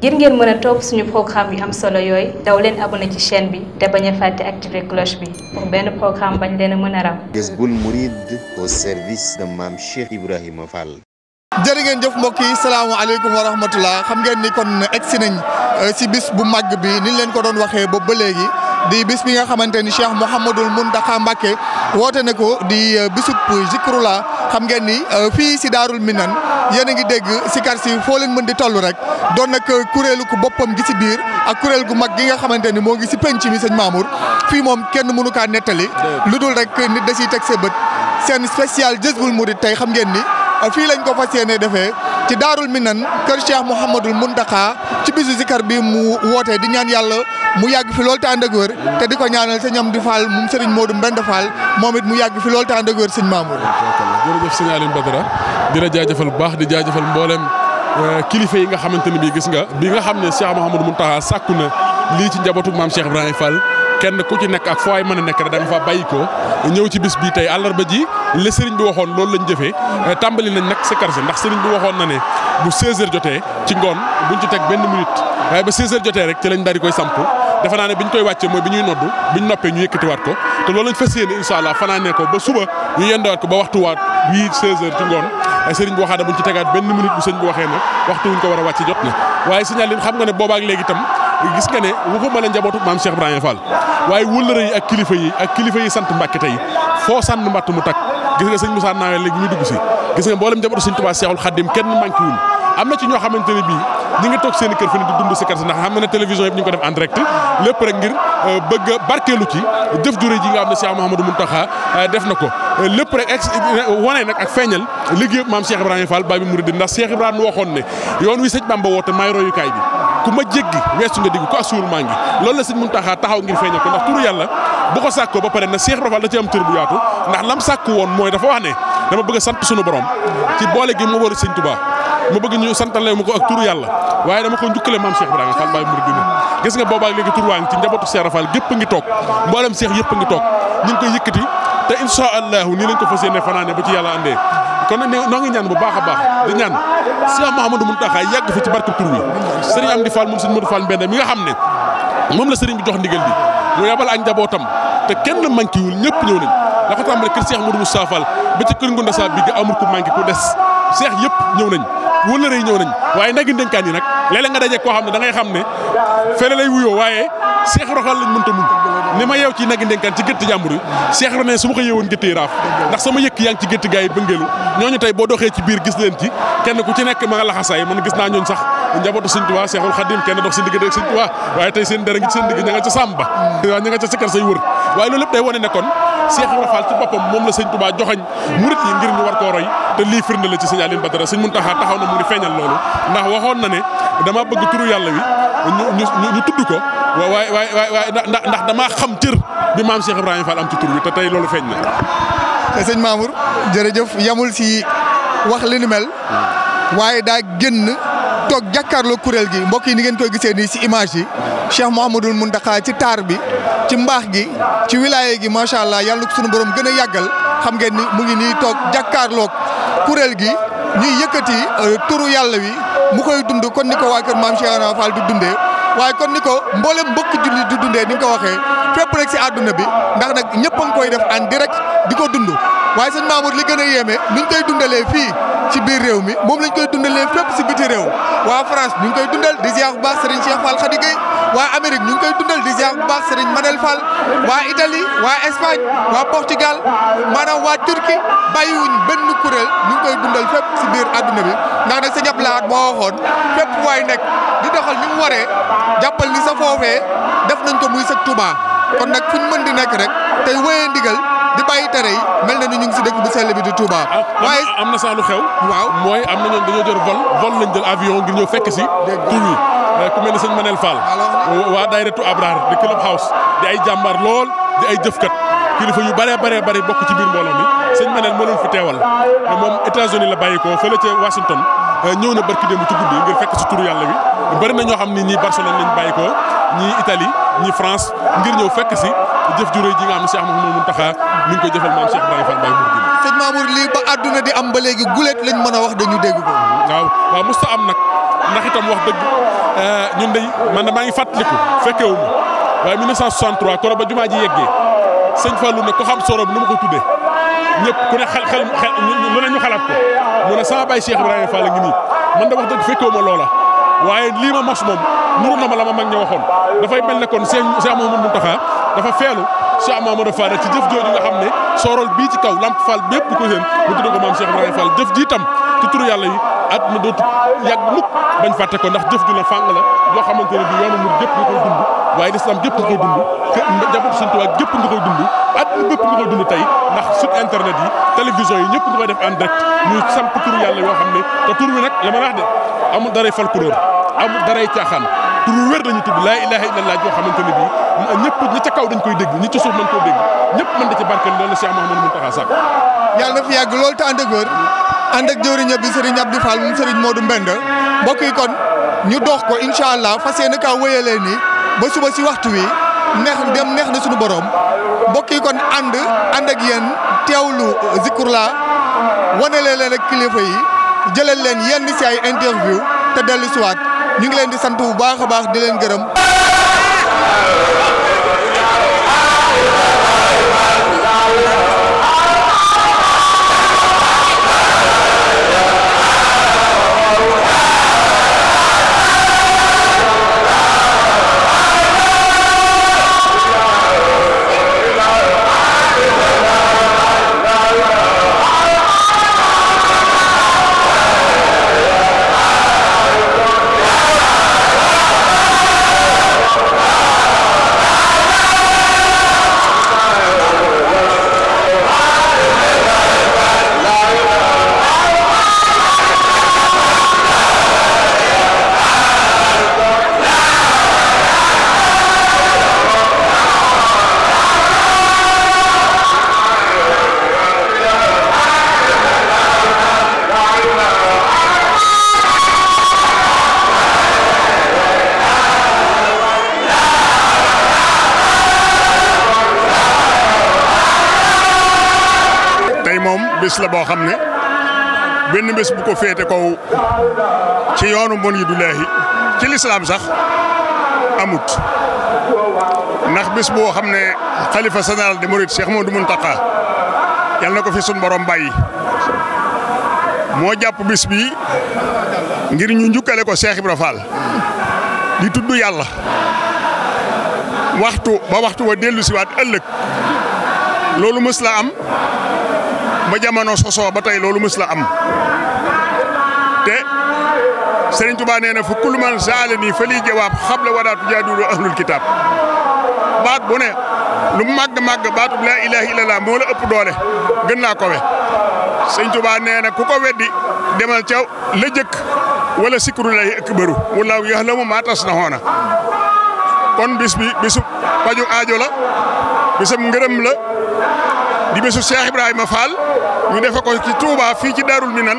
ngir ngeen mën a topp suñu programme yu am solo yooyu daw leen abonné ci chaîne bi te bañ a fàtte activer cloche bi pour benn programme bañ a mën a ram. Jazboul Mouride au service de Mame Cheikh Ibrahima Fall. jërë ngeen jëf mbokk yi salaamaaleykum wa rahmatullah xam ngeen ni kon egsi nañ si euh, bis bu màgg bi niñ leen ko doon waxee ba ba léegi. di bis bi nga xamante ni Cheikh Mouhamadul Mountakha Mbacké woote na ko di euh, bisu Zikrullah xam ngeen ni euh, fi si darul Minan yéen ngi deg ci si fo leen mën di tollu rek doon nak euh, kurelu ku magginga gi ci bir ak kurel gu mag gi nga xamanteni mo ngi si penc mi seigne Mamour fi mom kenn mënu ka netali lu rek nit da ci tek se beut sen special jeugul mourid tay xam ngeen ni euh, fi lañ ko defé ci darul minan keur Cheikh mohammedul Mountakha ci bisu zikar bi mu wote di ñaan yalla mu yagg fi lol te ak wér te di ñaanal sa ñam di Fall moom Serigne Modou Mbend Fall momit mu yagg fi lol te ak Mamour jërëjëf sëñ Alioune Badara di la jaajëfal bu baax di jaajëfal mboolem euh, kilifa yi nga xamante ne gis nga bi nga xam ne Cheikh Mouhamadou Mountakha sàkku na lii ci njabootu maam Cheikh Ibrahima Fall kenn a nekk rek da nga faa bàyyi ko ñëw ci bis bii tey àllarba ji la sëriñ bi waxoon loolu lañ jëfee euh, tàmbali nañ nag sikkar si ndax sëriñ bi waxoon na ne bu 16h jotee ci ngoon buñ ci teg benn minute waaye ba 16 jotee rek ci lañ daal koy samp defe naa ne koy wàccee mooy bi ko te loolu lañ fas yéene incha huit seize heures ci ngoon sëriñ bi waxaa ne buñ ci tegaat benn minute bu sëñ bi waxee ne waxtu wuñ ko war a wàcc jot na waaye signal xam nga ne boobaak léegi itam gis nga ne waxuma njabootu maam Cheikh Ibrahima Fall waaye wëllëre yi ak kilifa yi ak kilifa yi sant Mbàkke tey foo sànn mbatt mu takk gis nga sëñ Moussa Nawel léegi muy dugg si gis nga mboolem njabootu sëñ Tuubaa Seexul Xaddim kenn manqué am na ci ñoo xamante ne bii ngi toog dund si kër si ndax xam na ne télévision yëpp ñu ngi Euh, bëgg a barkeelu ci jëf jure ji nga xam ne Cheikh Mouhamadou Mountakha euh, def na ko euh, lépp rek ex wane nag ak feeñal liggéey maam Cheikh Ibrahima Fall Baye Mouride ndax Cheikh Ibrahima waxoon ne yoon wi sëñ Bamba woote maay royukaay bi ku ma jéggi weesu nga digg ko assuur maa ngi loolu la sëñ Mountakha taxaw ngir feeñal ko ndax turu yàlla bu ko sàkkoo ba pare na Cheikh Ibrahima Fall da ci am tër bu yaatu ndax lam sàkku woon mooy dafa wax ne dama bëgg a sant sunu borom ci boole gi mu wër sëñ Touba ma bëgg ñu santale ma ko ak turu yàlla waaye dama ko njukkale maam Cheikh Ibrahima Fall Baye Mouride gis nga boobaak léegi tur waa ngi ci njabootu Cheikh Rafal gépp ngi toog mboolem Cheikh yëpp ngi toog ñu ngi koy yëkkati te incha allahu nii lañ ko fas yéene fanaane ba ci yàlla andee kon noo ngi ñaan bu baax a baax di ñaan Cheikh Mouhamadou Mountakha yàgg fi ci barke tur wi sëriñ Amdi Fall moom sëriñ Modou Fall Mbenda mi nga xam ne moom la sëriñ bi jox ndigal bi mu yabal ak njabootam te kenn manquéwul ñëpp ñëw nañ dafa tàmbale kër Cheikh nga amul ku manqué ku des Cheikh yëpp ñëw nañ wëllëre ñëw nañ waaye nag dañ yi nag léeg-léeg nga daje koo xam ne da ngay xam ne fële lay wuyoo waaye seex roxal lañ mënta mun ni ma yeew ci nagi ndenkaan ci gétt jàmbur yi seex ro ne su ma ko yeewoon gétt raaf ndax sama yëkk yaa ci gétt gaa bëngeelu ñooñu tey boo doxee ci biir gis leen ci kenn ku ci nekk ma nga laxasaay man gis naa ñooñ sax njabootu sëñ Tuubaa seexul xadim kenn dox si digg waaye tey seen dara ngi seen digg ña ca sàmba waaw ña nga ca sikkar say wër Cheikh Ibrahima Fall ci boppam moom la sëñ Touba joxañ murit yi ngir ñu war te lii firnde la ci sëñ Aliou Badara sëñ Muntaxa taxaw na mu ngi feeñal loolu ndax waxoon na ne dama bëgg turu yàlla wi ñu tudd ko waaye waaye waaye ndax damaa xam cër bi maam Cheikh Ibrahima Fall am ci tur bi te tey loolu feeñ na. te sëñ Mamour jërëjëf yamul si wax li ni mel waaye daa génn toog jàkkaarloo kuréel gi mbokk yi ni ngeen koy gisee nii si image yi Cheikh Mouhamadul Mountakha ci taar bi ci mbaax gi ci wilaya gi macha allah yàlla ko sunu borom gën a yàggal xam ngeen ni mu ngi nii toog jàkkaarloo kuréel gi ñuy yëkkati euh, turu yàlla wi mu koy dund kon ni ko waa kër maam Cheikh Fall di dundee. waaye kon ni ko mboolem mbokk julli di dundee ni nga ko waxee fépp rek si àdduna bi ndax nag ñëpp a ngi koy def en direct di ko dund waaye sëñ Mamour li gën a yéeme ni ñu koy dundalee fii ci biir réew mi moom lañ koy dundalee fépp si biti réew waa France ñu koy dundal di ziar bu baax Serigne Cheikh Fall Khady Gueye waa ñu koy dundal di ziar bu baax Serigne Manel Fall waa Italie waa Espagne waa Portugal maanaam waa Turquie bàyyiwuñ benn kuréel ñu ngi koy dundal fépp si biir àdduna bi ndax nag sëñ Abdoulaye moo waxoon fépp waay nekk. doxal ni mu waree jàppal ni sa foofee def nañ ko muy sëg Touba kon nag fu ñu mën di nekk rek tey wéyee ndigal di bàyyi na ni ñu ngi si bi di ah, am na saa lu xew. mooy am na ñoom dañoo jël eh, waa Dayratu Abrar di Club House di ay jàmbaar lool di ay jëfkat. kilifa yu bëree bëree bëri bokk ci biir mbooloo mi sëñ Manel fi teewal moom États-Unis la bàyyi ko fële ca Washington. Euh, ñëw na barki démb ci guddi ngir fekk si turu yàlla bi bëri na ñoo xam ni ñii Barcelone lañ bàyyi ko ñii Italie ñii France ngir ñëw fekk si jëf ju ji nga xam ne Cheikh am ba léegi gulet lañ a wax dañu dégg ko. waaw waaw musta am nag ndax itam wax dëgg euh, ñun day man de maa ngi fàttaliku fekke wu ma waaye 1963 koro ba jumaa ji yeggee sëñ Fallou ne ko xam soro bi nu ma ko tuddee ñëpp ku ne xel xel lu ne ñu xalaat ko mu ne sama baay Cheikh Ibrahima Fall ngi nii man da wax dëgg fekkoo loola waaye lii ma mos moom nuru na ma la ma mag ña waxoon dafay mel dafa feelu Cheikh Mamadou Fall ci jëf jooju nga xam ne sorol bii ci kaw Lamp Fall bépp ko seen mu tudd ko maam Cheikh Ibrahima Fall jëf ji tam ci yàlla yi àdduna dootu yàgg mukk bañ fàtte ko ndax jëf ju ne fàng la loo xamante ne bi yoonu mu gépp nga koy dund waaye lislaam gépp nga koy dund njabootu Sëñ Tuubaa gépp nga koy dund nga koy dund tey ndax site internet yi télévision yi ñëpp nga koy def en direct ñuy samp tur yàlla yoo xam ne te tur wi nag la ma wax de amul daray folklore amul daray caaxaan tur wu wér dañu tudd laa ilaaha illallaah joo xamante ne bii ñëpp ñi ca kaw dañ koy dégg ñu ca suuf mën koo dégg ñëpp mën da ci barkeel loolu la Cheikh yàlla na fi yàgg loolu te ànd ak wér ànd ak jëwriñ bi sëriñ Abdou Fall moom sëriñ Modou Mbenda mbokk yi kon ñu dox ko incha allah fas yéene kaa wéyalee nii ba suba si waxtu wi neex dem neex na suñu borom mbokk yi kon ànd ànd ak teew teewlu Zikrula wanalee leen ak kilifa yi jëlal leen yenn si ay interview te dellu siwaat ñu ngi leen di sant bu baax a baax di leen gërëm. bis la boo xam ne benn bés bu ko féete kaw ci yoonu mbon yi du leexi ci lislaam sax amut ndax bés boo xam ne xalifa général des mourides Cheikh Modou Mountakha yal na ko fi sun borom bàyyi moo jàpp bés bi ngir ñu njukkale ko Cheikh Ibra Fall di tudd yàlla waxtu ba waxtu wa dellu siwaat ëllëg loolu mës la am ba jamono sosoo ba tey loolu mës la am te Serigne Touba nee na fu kullu man saalani fa lii jawaab xable wadaatu jaaduuru ahlul kitaab baat bu ne lu màgg màgg baatu laa ilaaha illallaah moo la ëpp doole gën laa ko we Serigne Touba nee na ku ko weddi demal ca la jëkk wala sikrullaahi akbaru wallaahu yahlamu maa tasnahoona kon bis bi bisu paju aajo la bisam ngërëm la. di bésu Cheikh Ibrahima Fall ñu defe ko ci Touba fi ci Darul Minan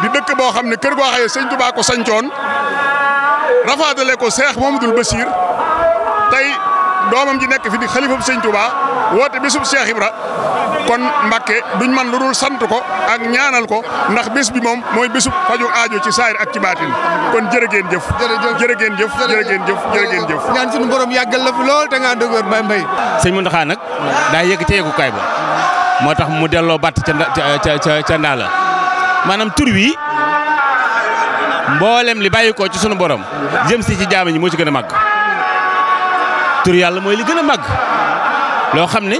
di dëkk bo xamne keur go xaye seigne Touba ko sancoon rafaatale ko Cheikh mamadou bassir tay domam ji nek fi di khalifa seigne Touba wote bésub Cheikh ibrahima kon Mbàkke duñ man lu dul sant ko ak ñaanal ko ndax bés bi moom mooy bésu faju aajo ci saayir ak ci baatin kon jërëgeen jëf jërëgeen jëf jërëgeen jëf jërëgeen jëf ñaan suñu borom yàggal la fi lool te nga ànd ak wér mbay mbay sëñ Muntaxa nag daa yëg ca yëgukaay ba moo tax mu delloo batt ca ca ndaa la maanaam tur wi mboolem li bàyyi ko ci sunu borom jëm si ci jaam ñi moo ci gën a màgg tur yàlla mooy li gën a màgg loo xam ne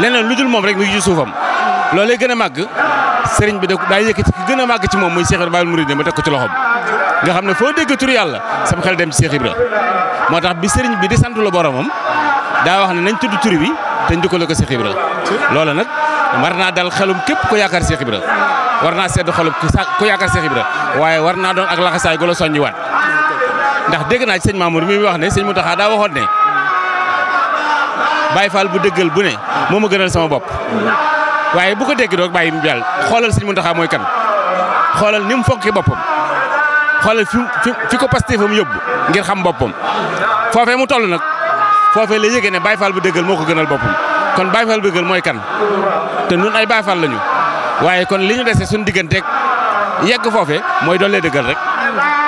leneen lu dul moom rek mu ngi ci suufam loolee gën a màgg sëriñ bi da daa yëkkati ki gën a màgg ci moom muy Cheikh Ibrahima Mouride ma teg ko ci loxoom nga xam ne foo dégg tur yàlla sam xel dem ci Cheikh moo tax bi sëriñ bi di santu la moom daa wax ne nañ tudd turi bi te njukkale ko Cheikh Ibra loole nag war naa dal xelum képp ko yaakaar Cheikh Ibra war naa sedd xolub ku yaakaar Cheikh Ibra waaye war naa doon ak laxasaay gu la soññiwaat ndax dégg naa ci sëñ Mamour mi wax ne sëñ Mountakha daa waxoon ne Baye Fall bu dëggal bu ne moo ma gënal sama bopp waaye bu ko dégg doog bàyyi mu jàll xoolal sëñ Muntaxa mooy kan xoolal ni mu fonkee boppam xoolal fi fi ko pastéefam yóbbu ngir xam boppam foofee mu toll nag foofee la yëgee ne Baye Fall bu dëggal moo ko gënal boppam kon Baye Fall bu dëggal mooy kan te nun ay Baye Fall lañu waaye kon li ñu dese suñu digganteeg yegg fofé moy dolé deugal rek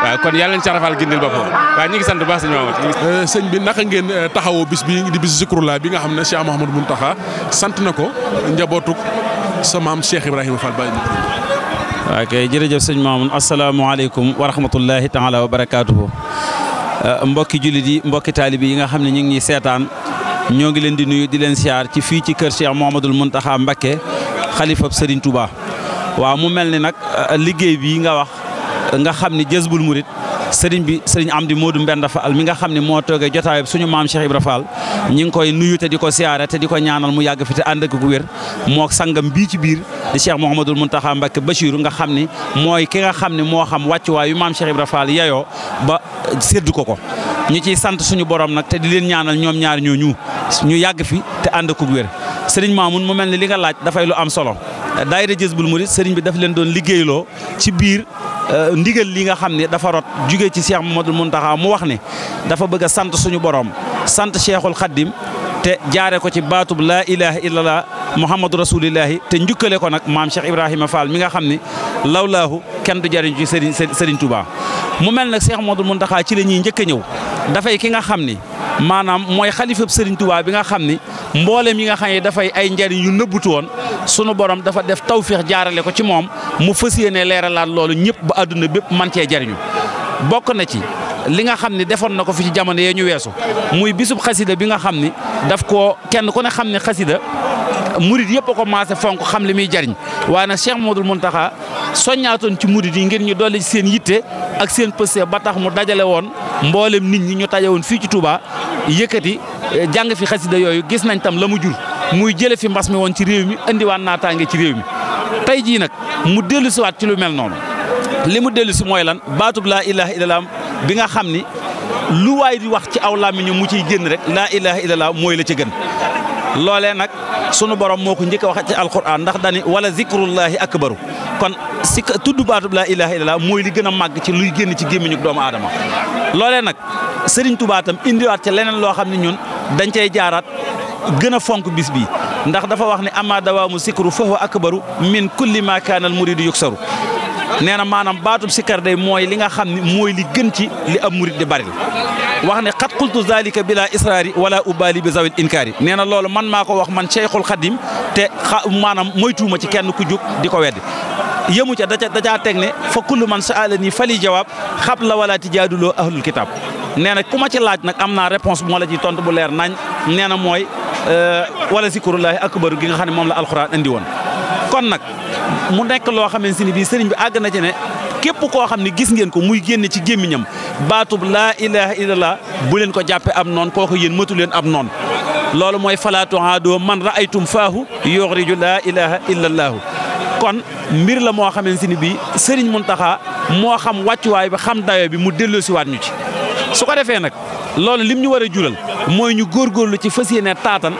wa kon yàlla ñu carafal gindil boppam wa ñi ngi sant ba sëñ mamad sëñ bi naka ngeen taxawoo bis bi di bis Zikroulah bi nga xam Cheikh Mouhamadou muntaha sant nako njabotuk sa mam Cheikh ibrahim Fall Baye. wa kay jërëjëf sëñ assalamu alaykum wa rahmatullahi taala wa barakatuh mbokk julit yi mbokk talib yi nga xam ñi ngi ñuy seetaan ñoo ngi leen di nuyu di leen siar ci fi ci kër Cheikh Mouhamadou muntaha Mbacké khalifa Serigne Touba. waaw mu mel ni nag euh, liggéey bii nga wax nga xam ni Jazboul Mouride sëriñ bi sëriñ du Modou Mbenda al mi nga xam ne moo toogee jotaay suñu maam Cheikh Ibra Fall ñi ngi koy nuyu te di ko siyaare te di ko ñaanal mu yàgg fi te ànd ak ku wér moo sangam bii ci biir di Cheikh Mouhamadul Mountakha Mbacké Bachir nga xam ni mooy ki nga xam ne moo xam wàccuwaay yu maam Cheikh Ibra Fall yayoo ba séddu ko ko ñu ciy sant suñu borom nag te di leen ñaanal ñoom ñaar ñoo ñu yàgg fi te ànd ak ku wér sëriñ mu mel ni li nga laaj dafay lu am solo daayira Jazbul Murid sëriñ bi daf leen doon liggéeyloo ci biir euh, ndigal li nga xam ne dafa rot jugee ci Cheikh Mamadou Mountakha mu wax ni dafa bëgg sant suñu boroom sant Cheikhul Khadim te jaare ko ci baatub laa ilaha illallah muhammadu rasulillahi te njukkale ko nag maam Cheikh Ibrahima Fall mi nga xam ne lawlaahu kenn du jariñ ci sëriñ Serigne Touba mu mel nag Cheikh Mamadou Mountakha ci la ñuy njëkk a ñëw dafay ki nga xam ni maanaam mooy xali Serigne bi nga xam ni mboolem yi nga xam ne ay njariñ yu nëbbutu woon sunu borom dafa def tawféex jaarale ko ci moom mu fas yéene leeralaat loolu ñëpp ba àdduna bépp man cee jariñu bokk na ci li nga xam ne defoon na ko fi ci jamono yee ñu weesu muy bisub xasida bi nga xam ni daf ko kenn ku ne xam ne xasida murit yëpp a ko maase fonk xam li muy jariñ waaye nag Cheikh Modou Mountakha soññaatoon ci murit yi ngir ñu dolli seen yitte ak seen pëste ba tax mu dajale woon mboolem nit ñi ñu taje fii ci tubaa yëkkati eh, jàng fi xasida yooyu gis nañ tam la mu jur muy jële fi mbas mi woon ci réew mi indiwaat naataange ci réew mi tey jii nag mu dellu siwaat ci lu mel noonu li mu dellu si mooy lan baatub laa ilaha illallah bi nga xam ni lu waay di wax ci aw làmmiñu mu ciy génn rek laa ilaha illallah mooy la ca gën loolee nag sunu borom moo ko njëkk wax ci alquran ndax dani wala zikrullahi akbaru kon si tudd baatub laa ilaha illallah mooy li gën a màgg ci luy génn ci gémmiñu doomu aadama loolee nag Sëriñ indiwaat ci leneen loo xam ne ñun dañ cay jaaraat gën a fonk bis bi ndax dafa wax ne amma dawaamu sikru fa huwa akbaru min kulli ma kaana al muridu yuksaru nee na maanaam baatub day mooy li nga xam ne li gën ci li ab murid di bari wax ne xat qultu zalika bila israari wala ubali bi zawil inkaari nee na loolu man maa wax man cheikhul xadim te xa maanaam moytuuma ci kenn ku jóg di ko weddi yëmu ca daca dacaa teg fa kullu man saala fali jawab xab la wala tijaaduloo ahlul kitab nee na ku ma ci laaj nag am réponse bu ma la ci tontu bu leer nañ nee na Euh, wala zikrullahi akbar gi nga xam ne moom la alxuraan andi won kon nag mu nekk loo xamante ni bii sëriñ bi àgg na ci ne képp koo xam ne gis ngeen ko muy génn ci gémmiñam baatub laa ilaha illallah bu leen ko jàppee am noon kooku yéen mëtu leen am noon loolu mooy falaatu haadoo man raaytum faahu yuxriju laa ilaha illallahu kon mbir la moo xamante ni bii sëriñ mun Muntaxa moo xam wàccuwaay bi xam dayo bi mu delloosiwaat ñu ci su ko defee nag loolu lim ñu war a jural mooy ñu góorgóorlu ci fas yéene taatan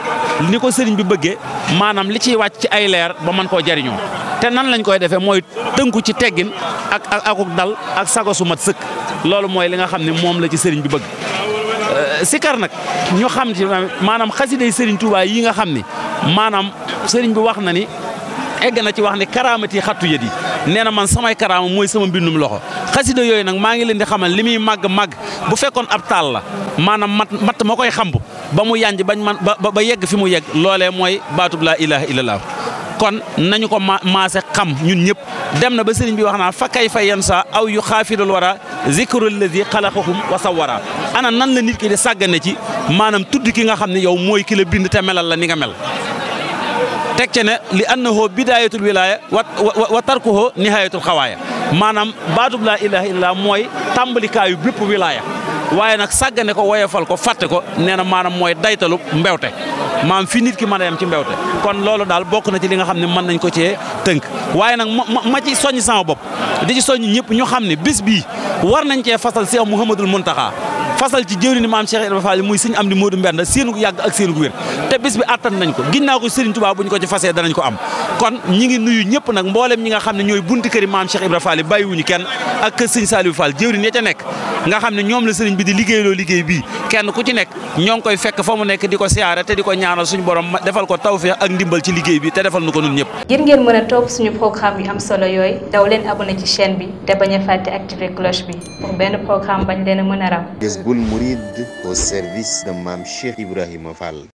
ni ko sëriñ bi bëggee maanam li ciy wàcc ci ay leer ba man koo jariñoo te nan lañ koy defee mooy tënku ci teggin ak ak akuk dal ak sago su sëkk loolu mooy li nga xam ne moom la ci sëriñ bi bëgg euh, sikar nag ñu xam ci maanaam xasiday sëriñ Tuubaa yi nga xam ni maanaam sëriñ bi wax na ni egg na ci wax ne karaamati xattu yët yi nee na man samay karaama mooy sama mbindum loxo xasida yooyu nag maa ngi leen di xamal li màgg-màgg bu fekkoon ab taal la maanaam mat mat ma koy xamb ba mu yànj bañ man ba ba yegg fi mu yegg loolee mooy baatub la ilaha illallah kon nañu ko maase xam ñun ñëpp dem na ba sëriñ bi wax naa fa kay fa yenn saa aw yu xaafidul wara zikrul lazi xalaqahum wa sawara ana nan la nit ki di sàggane ci maanaam tudd ki nga xam ne yow mooy ki bind te melal la ni nga mel teg ce ne li annahu bidaayatul wilaaya wa wa tarkuhu nihaayatul xawaaya maanaam baatub laa ilaaha illaa mooy tàmbalikaayu bépp wilaaya waaye nag sàggane ko woyefal ko fàtte ko nee na maanaam mooy daytalu mbewte maam fi nit ki mën a yem ci mbewte kon loolu daal bokk na ci li nga xam ne mën nañ ko cee tënk waaye nag ma ci soññ sama bopp di soñ soññ ñëpp ñu xam ne bis bii war nañ cee fasal Seex Muhammadul taxaa fasal ci jëwri ni maam Cheikh Ibrahima Fall muy sëñ am di Modou Mbenda séenu yàgg ak séenu wér te bis attan nañ ko ginnaaw ko Serigne Touba bu ñu ko ci fasee danañ ko am kon ñi ngi nuyu ñëpp nag mbooleem ñi nga xam ne ñooy bunt këri maam Cheikh Ibra Fall bàyyiwuñu kenn ak kër sëñ Saliou Fall jëwriñ ya ca nekk nga xam ne ñoom la sëriñ bi di liggéeyloo liggéey bii kenn ku ci ñoo ngi koy fekk fa mu nekk di ko siyaare di ko ñaanal suñu borom defal ko tawfeex ak ndimbal ci liggéey bi te defal nu ko nun ñëpp ngir mën a topp suñu programme yu am solo yooyu daw leen abonné ci chaîne bi te bañ a fàtte activer cloche bi pour benn programme bañ leen a mën a ram Jazboul Mouride au service de Mame